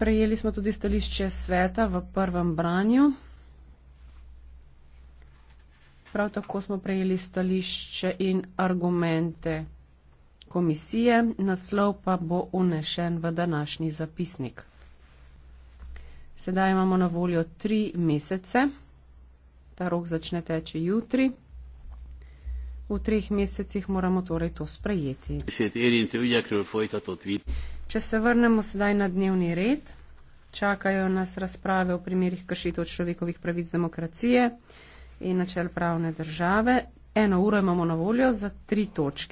Prejeli smo tudi stališče sveta v prvem branju. Prav tako smo prejeli stališče in argumente komisije, naslov pa bo unešen v današnji zapisnik. Sedaj imamo na voljo tri mesece. Ta rok začne teči jutri. V treh mesecih moramo torej to sprejeti. Če se vrnemo sedaj na dnevni red, čakajo nas razprave o primerih kršitev človekovih pravic demokracije in načel pravne države. Eno uro imamo na voljo za tri točke.